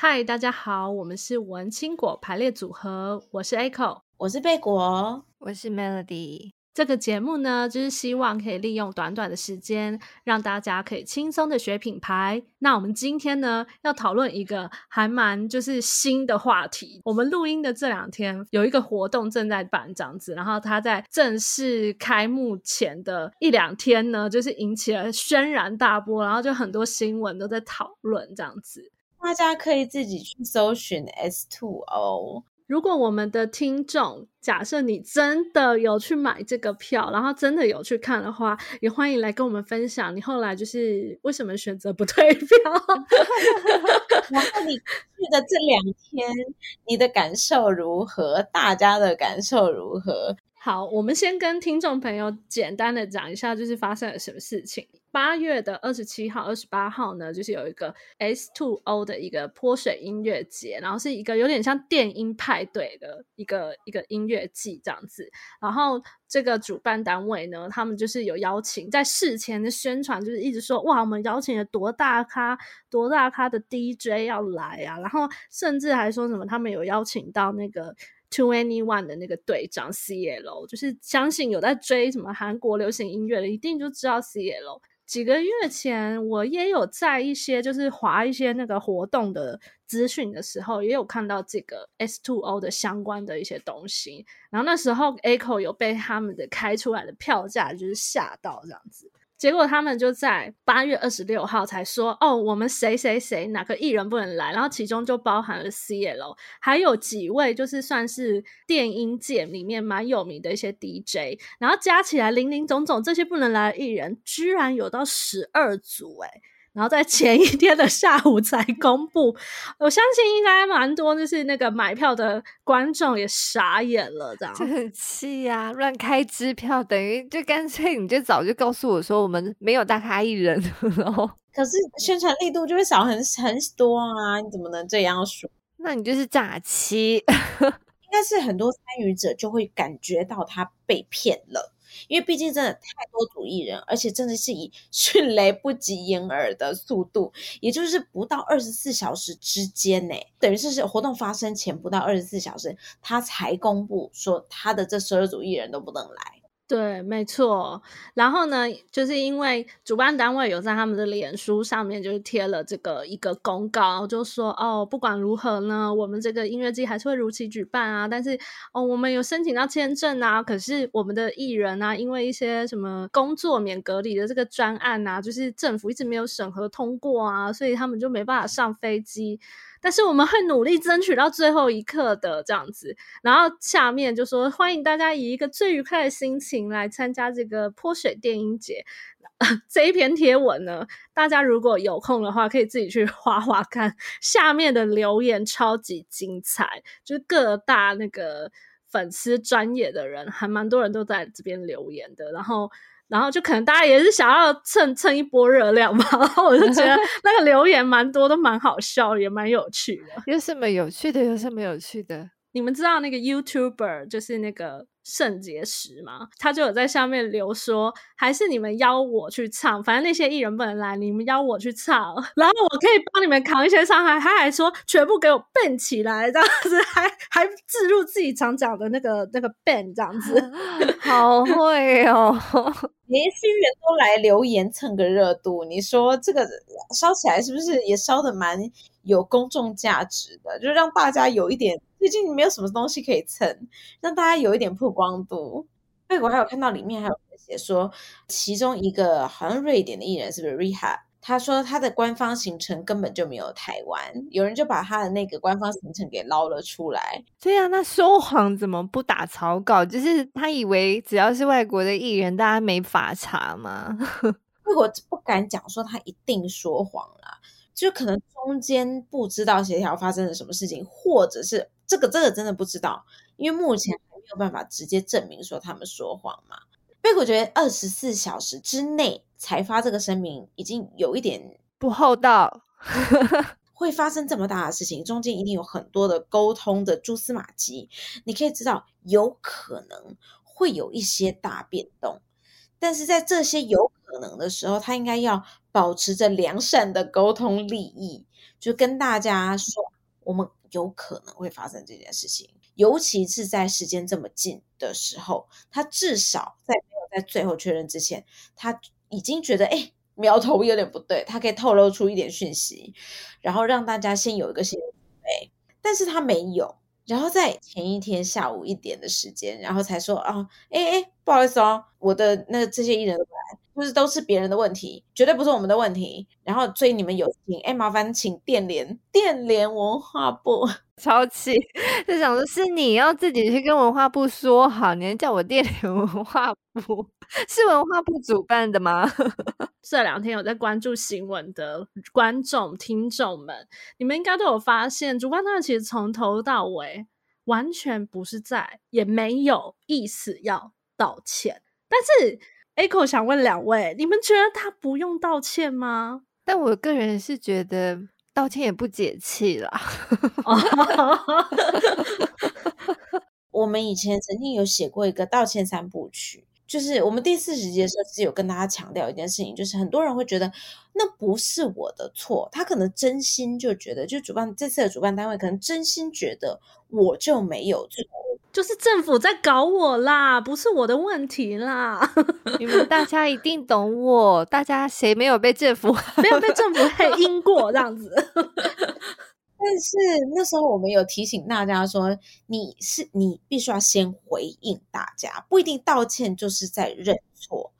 嗨，大家好，我們是文青果排列組合，我是 Echo，我是貝果，我是 Melody。這個節目呢，就是希望可以利用短短的時間，讓大家可以輕鬆的學品牌。那我們今天呢，要討論一個還蠻就是新的話題。我們錄音的這兩天，有一個活動正在辦這樣子，然後它在正式開幕前的一兩天呢，就是引起了軒然大波，然後就很多新聞都在討論這樣子。大家可以自己去搜尋 S two O。如果我們的聽眾，假設你真的有去買這個票，然後真的有去看的話，也歡迎來跟我們分享你後來就是為什麼選擇不退票， 然後你去的這兩天你的感受如何？大家的感受如何？好，我們先跟聽眾朋友簡單的講一下，就是發生了什麼事情。八月的二十七號、二十八號呢，就是有一個 S2O 的一個潑水音樂節，然後是一個有點像電音派對的一個一個音樂節這樣子。然後這個主辦單位呢，他們就是有邀請，在事前的宣傳就是一直說，哇，我們邀請了多大咖、多大咖的 DJ 要來啊。然後甚至還說什麼，他們有邀請到那個。2NE1 的那個隊長 CL，就是相信有在追什麼韓國流行音樂的，一定就知道 CL。幾個月前，我也有在一些就是滑一些那個活動的資訊的時候，也有看到這個 S2O 的相關的一些東西。然後那時候 Echo 有被他們的開出來的票價就是嚇到這樣子。結果他們就在八月二十六號才說哦，我們誰誰誰哪個藝人不能來，然後其中就包含了 CL，還有幾位就是算是電音界裡面蠻有名的一些 DJ，然後加起來林林總總這些不能來的藝人，居然有到十二組哎、欸。然後在前一天的下午才公布，我相信應該還蠻多，就是那個買票的觀眾也傻眼了，這樣。就很氣呀、啊，亂開支票，等於就乾脆你就早就告訴我說，我們沒有大咖藝人，然後可是你的宣傳力度就會少很很多啊，你怎麼能這樣說？那你就是詐欺，應 該是很多參與者就會感覺到他被騙了。因為畢竟真的太多組藝人，而且真的是以迅雷不及掩耳的速度，也就是不到二十四小時之間呢、欸，等於是活動發生前不到二十四小時，他才公布說他的這十二組藝人都不能來。對，沒錯。然後呢，就是因為主辦單位有在他們的臉書上面就是貼了這個一個公告，就說哦，不管如何呢，我們這個音樂季還是會如期舉辦啊。但是哦，我們有申請到簽證啊，可是我們的藝人啊，因為一些什麼工作免隔離的這個專案啊，就是政府一直沒有審核通過啊，所以他們就沒辦法上飛機。但是我們會努力爭取到最後一刻的這樣子，然後下面就說歡迎大家以一個最愉快的心情來參加這個潑水電音節。 這一篇貼文呢，大家如果有空的話，可以自己去滑滑看。下面的留言超級精彩，就是各大那個粉絲專頁的人，還蠻多人都在這邊留言的。然後。然後就可能大家也是想要蹭蹭一波熱量吧，然後我就覺得那個留言蠻多，都蠻好笑，也蠻有趣的。有什麼有趣的？有什麼有趣的？你們知道那個 YouTuber 就是那個。聖結石嘛，他就有在下面留說，還是你們邀我去唱，反正那些藝人不能來，你們邀我去唱，然後我可以幫你們扛一些傷害。他還說全部給我 ban 起來，這樣子，還還置入自己常講的那個那個 ban 這樣子， 好會哦，年輕人都來留言蹭個熱度，你說這個燒起來是不是也燒的蠻？有公眾價值的，就讓大家有一點最近沒有什麼東西可以蹭，讓大家有一點曝光度。外國還有看到裡面還有寫說，其中一個好像瑞典的藝人是不是 Rehab 他說他的官方行程根本就沒有台灣，有人就把他的那個官方行程給撈了出來。對呀、啊，那說謊怎麼不打草稿？就是他以為只要是外國的藝人，大家沒法查嗎？ 外我不敢講說他一定說謊了、啊。就可能中間不知道協調發生了什麼事情，或者是這個這個真的不知道，因為目前還沒有辦法直接證明說他們說謊嘛。所以我覺得二十四小時之內才發這個聲明，已經有一點不厚道。會發生這麼大的事情，中間一定有很多的溝通的蛛絲馬跡，你可以知道有可能會有一些大變動，但是在這些有可能的時候，他應該要，保持着良善的溝通利益，就跟大家說，我們有可能會發生這件事情，尤其是在時間這麼近的時候，他至少在沒有在最後確認之前，他已經覺得哎苗頭有點不對，他可以透露出一點訊息，然後讓大家先有一個信誒，但是他沒有，然後在前一天下午一點的時間，然後才說啊，哎、哦、哎，不好意思哦，我的那這些藝人都不來。不是都是別人的問題，絕對不是我們的問題。然後，所以你們有請，哎、欸，麻煩請電聯電聯文化部，超氣。就想說，是你要自己去跟文化部說好，你叫我電聯文化部是文化部主辦的嗎？ 這兩天有在關注新聞的觀眾聽眾們，你們應該都有發現，主辦方其實從頭到尾完全不是在，也沒有意思要道歉，但是。Echo 想問兩位，你們覺得他不用道歉嗎？但我個人是覺得道歉也不解氣啦。 我們以前曾經有寫過一個道歉三部曲。就是我們第四十集的時候，是有跟大家強調一件事情，就是很多人會覺得那不是我的錯，他可能真心就覺得，就主辦這次的主辦單位可能真心覺得我就沒有錯，就是政府在搞我啦，不是我的問題啦。 你們大家一定懂我，大家誰沒有被政府 沒有被政府黑陰過這樣子？ 但是那時候我們有提醒大家說，你是你必須要先回應大家，不一定道歉就是在認錯。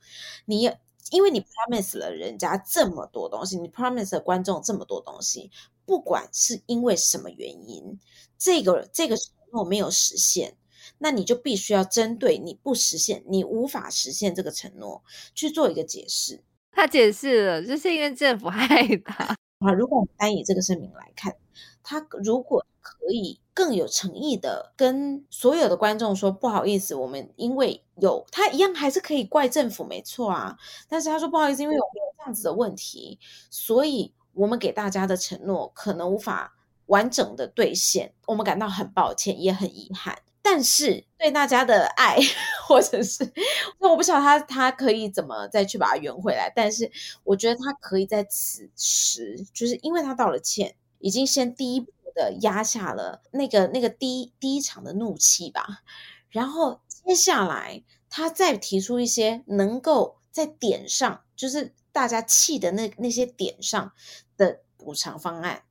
你要，因為你 promise 了人家這麼多東西，你 promise 了觀眾這麼多東西，不管是因為什麼原因，這個這個承諾沒有實現，那你就必須要針對你不實現、你無法實現這個承諾去做一個解釋。他解釋了，就是因為政府害他。啊，如果我們單以這個聲明來看，他如果可以更有誠意的跟所有的觀眾說，不好意思，我們因為有他一樣，還是可以怪政府，沒錯啊。但是他說不好意思，因為我們有這樣子的問題，所以我們給大家的承諾可能無法完整的兌現，我們感到很抱歉，也很遺憾。但是對大家的愛，或者是那我不知道他他可以怎麼再去把它圓回來。但是我覺得他可以在此時，就是因為他道了歉，已經先第一步的壓下了那個那個第一第一場的怒氣吧。然後接下來他再提出一些能夠在點上，就是大家氣的那那些點上的補償方案。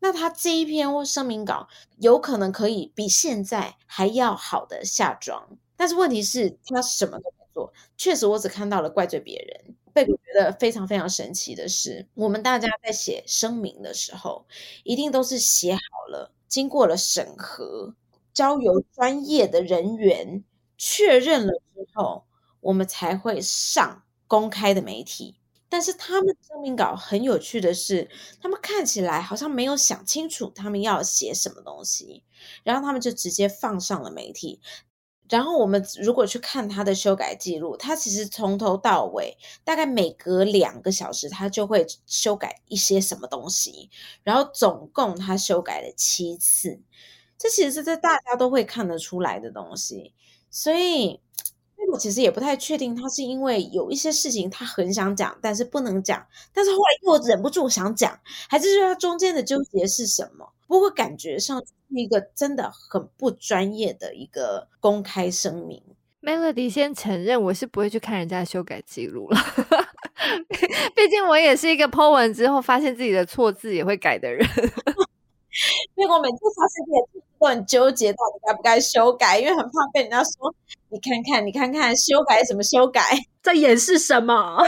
那他這一篇聲明稿有可能可以比現在還要好的下裝，但是問題是他什麼都不做。確實，我只看到了怪罪別人。貝果覺得非常非常神奇的是，我們大家在寫聲明的時候，一定都是寫好了，經過了審核，交由專業的人員確認了之後，我們才會上公開的媒體。但是他們的聲明稿很有趣的是，他們看起來好像沒有想清楚他們要寫什麼東西，然後他們就直接放上了媒體。然後我們如果去看他的修改記錄，他其實從頭到尾大概每隔兩個小時他就會修改一些什麼東西，然後總共他修改了七次，這其實是在大家都會看得出來的東西，所以。我其實也不太確定，他是因為有一些事情他很想講，但是不能講，但是後來又忍不住想講，還是說他中間的糾結是什麼？不過感覺上是一個真的很不專業的一個公開聲明。Melody 先承認，我是不會去看人家修改記錄了， 畢竟我也是一個 po 文之後發現自己的錯字也會改的人。 所以我每次發視頻都很糾結，到底該不該修改，因為很怕被人家說：“你看看，你看看，修改怎麼修改，在掩飾什麼。”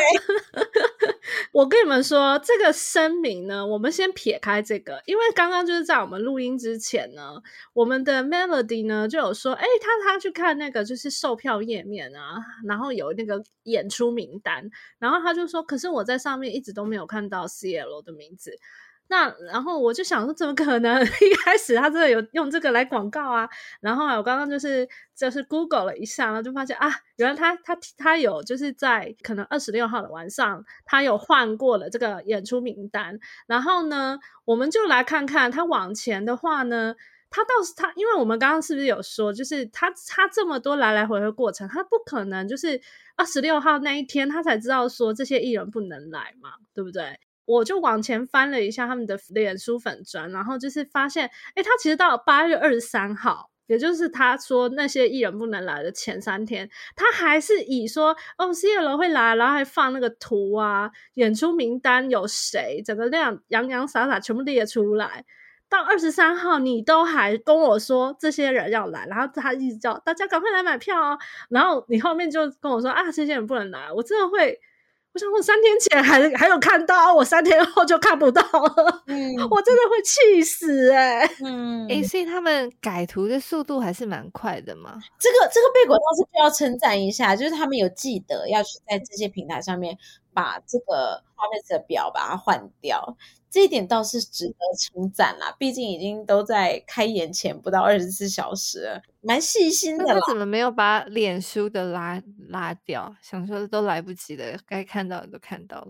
我跟你們說，這個聲明呢，我們先撇開這個，因為剛剛就是在我們錄音之前呢，我們的 Melody 呢就有說：“哎，他他去看那個就是售票頁面啊，然後有那個演出名單，然後他就說，可是我在上面一直都沒有看到 CL 的名字。”那然後我就想說，怎麼可能一開始他真的有用這個來廣告啊？然後我剛剛就是就是 Google 了一下，然後就發現啊，原來他他他有就是在可能二十六號的晚上，他有換過了這個演出名單。然後呢，我們就來看看他往前的話呢，他倒是他，因為我們剛剛是不是有說，就是他他這麼多來來回回過程，他不可能就是二十六號那一天他才知道說這些藝人不能來嘛，對不對？我就往前翻了一下他們的臉書粉專，然後就是發現，哎，他其實到八月二十三號，也就是他說那些藝人不能來的前三天，他還是以說哦，CL 會來，然後還放那個圖啊，演出名單有誰，整個那樣洋洋灑灑全部列出來。到二十三號，你都還跟我說這些人要來，然後他一直叫大家趕快來買票哦，然後你後面就跟我說啊，這些人不能來，我真的會。我想，我三天前還還有看到，我三天後就看不到了。嗯、我真的會氣死哎、欸、！所以、嗯欸、他們改圖的速度還是蠻快的嘛。嗯、這個這個貝果倒是需要稱讚一下，就是他們有記得要去在這些平台上面把這個畫面的表把它換掉。這一點倒是值得稱讚啦，畢竟已經都在開演前不到二十四小時，蠻細心的啦。他怎麼沒有把臉書的拉拉掉？想說都來不及的，該看到的都看到了。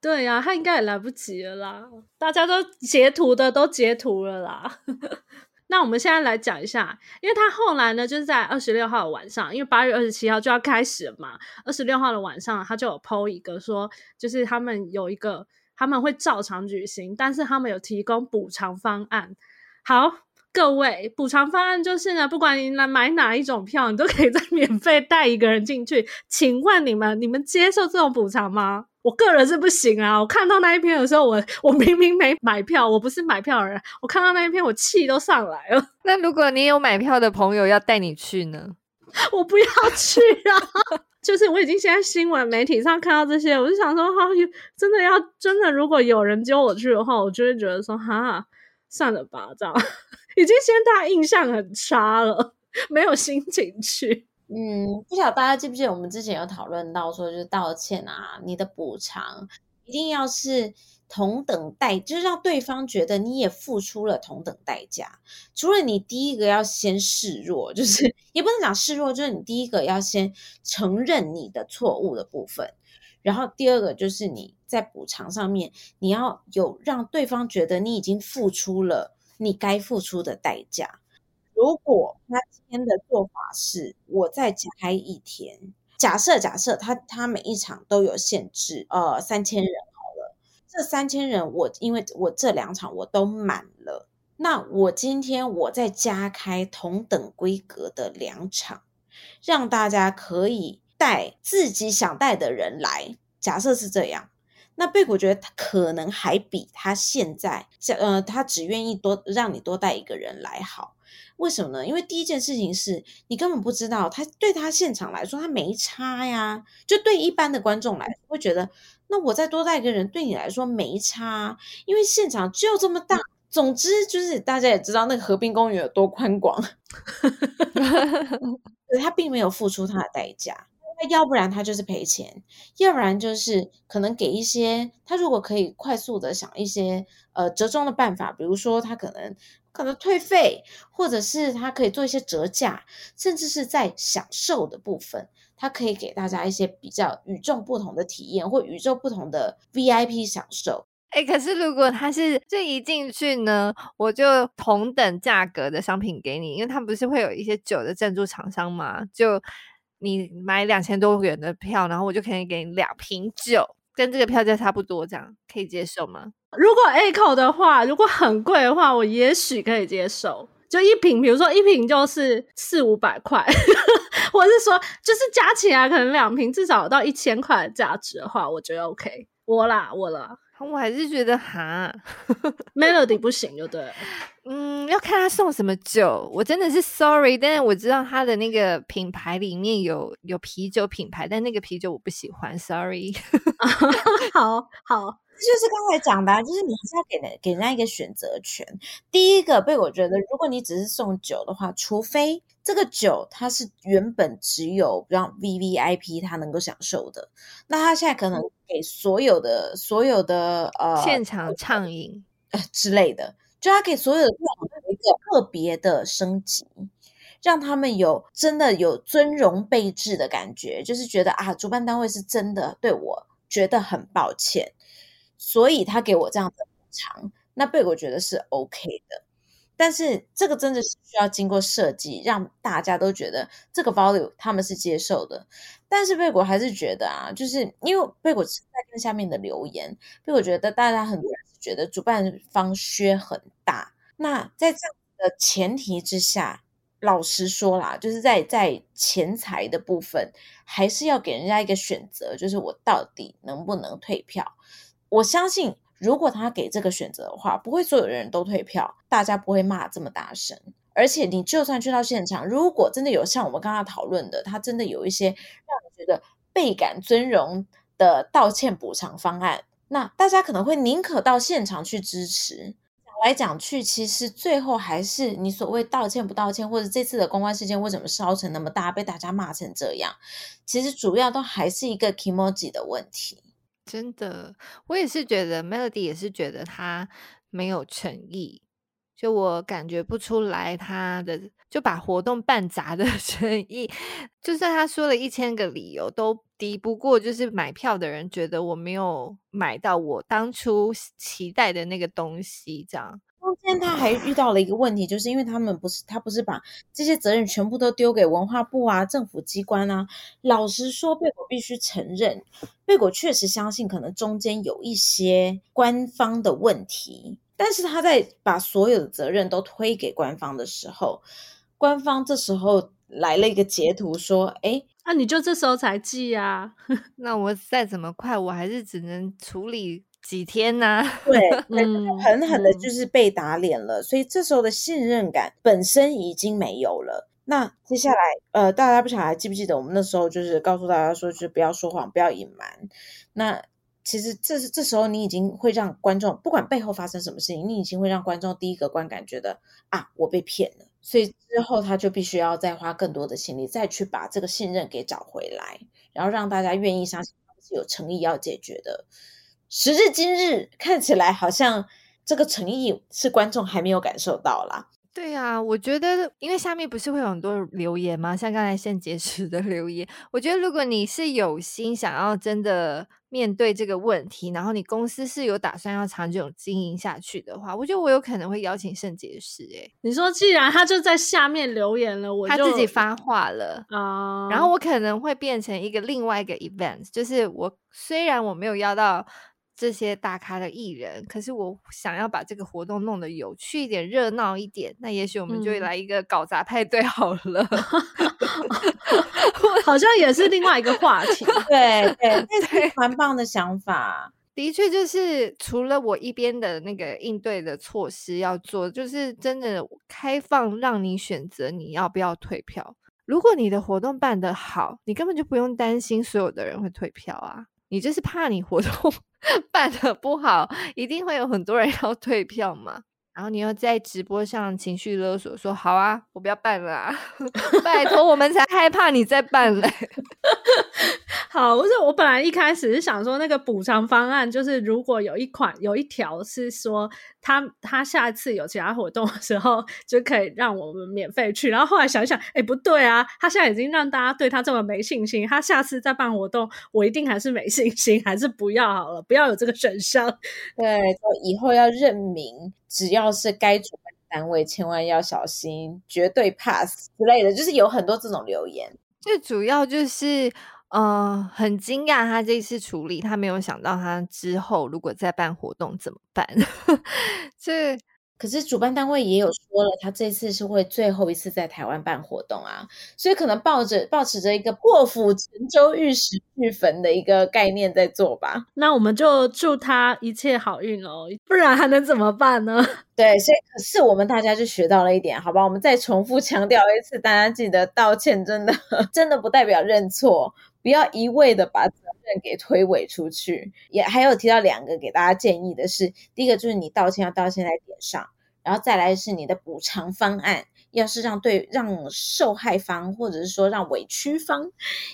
對呀、啊，他應該也來不及了啦，大家都截圖的都截圖了啦。 那我們現在來講一下，因為他後來呢，就是在二十六號的晚上，因為八月二十七號就要開始了嘛，二十六號的晚上他就有 PO 一個說，就是他們有一個。他們會照常舉行，但是他們有提供補償方案。好，各位，補償方案就是呢，不管你來買哪一種票，你都可以再免費帶一個人進去。請問你們，你們接受這種補償嗎？我個人是不行啊！我看到那一篇的時候，我我明明沒買票，我不是買票的人。我看到那一篇，我氣都上來了。那如果你有買票的朋友要帶你去呢？ 我不要去啊！ 就是我已經現在新聞媒體上看到這些，我就想說哈，真的要真的，如果有人揪我去的話，我就會覺得說哈，算了吧，這樣已經現在大家印象很差了，沒有心情去。嗯，不曉得大家記不記得我們之前有討論到說，就是道歉啊，你的補償一定要是。同等代，就是讓對方覺得你也付出了同等代價。除了你第一個要先示弱，就是也不能講示弱，就是你第一個要先承認你的錯誤的部分。然後第二個就是你在補償上面，你要有讓對方覺得你已經付出了你該付出的代價。如果他今天的做法是，我再開一天，假設假設他他每一場都有限制，呃，三千人。嗯這三千人，我因為我這兩場我都滿了，那我今天我再加開同等規格的兩場，讓大家可以帶自己想帶的人來。假設是這樣，那貝果覺得他可能還比他現在，呃，他只願意多讓你多帶一個人來好。為什麼呢？因為第一件事情是你根本不知道他對他現場來說，他沒差呀，就對一般的觀眾來說，會覺得。那我再多帶一個人，對你來說沒差，因為現場就這麼大。嗯、總之就是大家也知道那個河濱公園有多寬廣， 他並沒有付出他的代價，那要不然他就是賠錢，要不然就是可能給一些他如果可以快速的想一些呃折中的辦法，比如說他可能。可能退費，或者是他可以做一些折價，甚至是在享受的部分，他可以給大家一些比較與眾不同的體驗或與眾不同的 VIP 享受。哎、欸，可是如果他是這一進去呢，我就同等價格的商品給你，因為他不是會有一些酒的贊助廠商嗎？就你買兩千多元的票，然後我就可以給你兩瓶酒，跟這個票價差不多，這樣可以接受嗎？如果 a c o 的話，如果很貴的話，我也許可以接受。就一瓶，比如說一瓶就是四五百塊，我 是說，就是加起來可能兩瓶至少到一千塊的價值的話，我覺得 OK。我啦，我啦，我還是覺得哈，Melody 不行就對了。 嗯，要看他送什麼酒。我真的是 Sorry，但我知道他的那個品牌裡面有有啤酒品牌，但那個啤酒我不喜歡，Sorry。 好好。就是剛才講的，啊，就是你還是要給人給人家一個選擇權。第一個被我覺得，如果你只是送酒的話，除非這個酒它是原本只有讓 VVIP 他能夠享受的，那他現在可能給所有的，嗯、所有的呃現場暢飲之類的，就他給所有的客人一個特別的升級，讓他們有真的有尊榮備至的感覺，就是覺得啊，主辦單位是真的對我覺得很抱歉。所以他給我這樣的補償，那貝果覺得是 OK 的，但是這個真的是需要經過設計，讓大家都覺得這個 value 他們是接受的。但是貝果還是覺得啊，就是因為貝果是在看下面的留言，貝果覺得大家很多人覺得主辦方削很大。那在這樣的前提之下，老實說啦，就是在在錢財的部分，還是要給人家一個選擇，就是我到底能不能退票。我相信，如果他給這個選擇的話，不會所有人都退票，大家不會罵這麼大聲。而且，你就算去到現場，如果真的有像我們剛剛討論的，他真的有一些讓你覺得倍感尊榮的道歉補償方案，那大家可能會寧可到現場去支持。講來講去，其實最後還是你所謂道歉不道歉，或者這次的公關事件為什麼燒成那麼大，被大家罵成這樣，其實主要都還是一個 kimoji 的問題。真的，我也是覺得，Melody 也是覺得他沒有誠意，就我感覺不出來他的就把活動辦砸的誠意，就算他說了一千個理由，都抵不過就是買票的人覺得我沒有買到我當初期待的那個東西，這樣。中間他還遇到了一個問題，就是因為他們不是他不是把這些責任全部都丟給文化部啊、政府機關啊。老實說，貝果必須承認，貝果確實相信可能中間有一些官方的問題。但是他在把所有的責任都推給官方的時候，官方這時候來了一個截圖說：“哎、欸，那、啊、你就這時候才寄呀、啊？ 那我再怎麼快，我還是只能處理。”幾天呢，啊？對，狠 狠的，就是被打臉了，嗯。所以這時候的信任感本身已經沒有了。那接下來，呃，大家不曉得還記不記得，我們那時候就是告訴大家說，就是不要說謊，不要隱瞞。那其實這這時候你已經會讓觀眾，不管背後發生什麼事情，你已經會讓觀眾第一個觀感覺得啊，我被騙了。所以之後他就必須要再花更多的心力，再去把這個信任給找回來，然後讓大家願意相信他是有誠意要解決的。時至今日，看起來好像這個誠意是觀眾還沒有感受到啦。對啊，我覺得，因為下面不是會有很多留言嗎？像剛才聖結石的留言，我覺得如果你是有心想要真的面對這個問題，然後你公司是有打算要長久經營下去的話，我覺得我有可能會邀請聖結石。哎，你說，既然他就在下面留言了，我就他自己發話了啊，uh. 然後我可能會變成一個另外一個 event，就是我雖然我沒有邀到。這些大咖的藝人，可是我想要把這個活動弄得有趣一點、熱鬧一點，那也許我們就會來一個搞砸派對好了，嗯、 好像也是另外一個話題。 對對對，蠻棒的想法。的確，就是除了我一邊的那個應對的措施要做，就是真的開放讓你選擇，你要不要退票？如果你的活動辦得好，你根本就不用擔心所有的人會退票啊，你就是怕你活動。 辦得不好，一定會有很多人要退票嘛。然後你又在直播上情緒勒索說，說好啊，我不要辦了，啊！ 拜托我們才害怕你再辦嘞，欸。 好，不是我本來一開始是想說那個補償方案，就是如果有一款有一條是說，他他下次有其他活動的時候，就可以讓我們免費去。然後後來想一想，哎、欸，不對啊！他現在已經讓大家對他這麼沒信心，他下次再辦活動，我一定還是沒信心，還是不要好了，不要有這個選項。對，以後要認明，只要是該主辦單位，千萬要小心，絕對 pass 之類的，就是有很多這種留言。最主要就是。嗯、呃，很驚訝他這次處理，他沒有想到他之後如果再辦活動怎麼辦？這 可是主辦單位也有說了，他這次是會最後一次在台灣辦活動啊，所以可能抱着抱持着一個破釜沉舟、玉石俱焚的一個概念在做吧。那我們就祝他一切好運哦，不然還能怎麼辦呢？對，所以是我們大家就學到了一點，好吧？我們再重複強調一次，大家記得道歉，真的真的不代表認錯。不要一味的把責任給推諉出去，也還有提到兩個給大家建議的是：第一個就是你道歉要道歉在點上，然後再來是你的補償方案，要是讓對讓受害方或者是說讓委屈方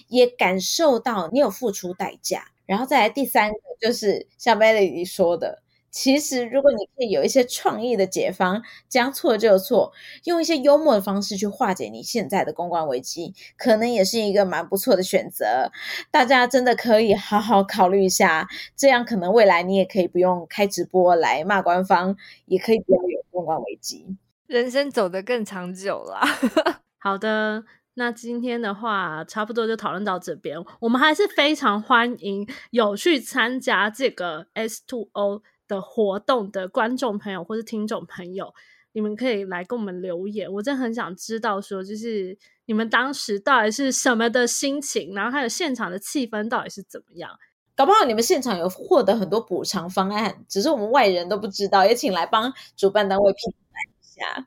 也感受到你有付出代價，然後再來第三個就是像 Melody 說的。其實，如果你可以有一些創意的解方，將錯就錯，用一些幽默的方式去化解你現在的公關危機，可能也是一個蠻不錯的選擇。大家真的可以好好考慮一下，這樣可能未來你也可以不用開直播來罵官方，也可以不用有公關危機，人生走得更長久了啊。 好的，那今天的話差不多就討論到這邊，我們還是非常歡迎有去參加這個 S Two O。的活動的觀眾朋友或是聽眾朋友，你們可以來給我們留言。我真的很想知道，說就是你們當時到底是什麼的心情，然後還有現場的氣氛到底是怎麼樣。搞不好你們現場有獲得很多補償方案，只是我們外人都不知道。也請來幫主辦單位評價一下。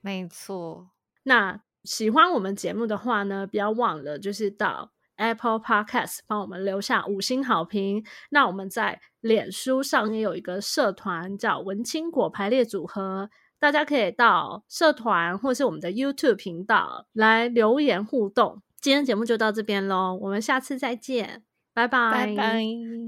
沒錯，那喜歡我們節目的話呢，不要忘了就是到。Apple Podcast 幫我們留下五星好評。那我們在臉書上也有一個社團，叫“文青果排列組合”，大家可以到社團或是我們的 YouTube 頻道來留言互動。今天節目就到這邊嘍，我們下次再見，拜拜。Bye bye。